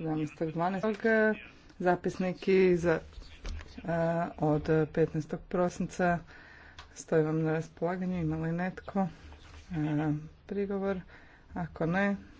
17.12. Zapisniki za, eh, od 15. prosinca stoji vam na raspolaganju. Ima li netko eh, prigovor? Ako ne,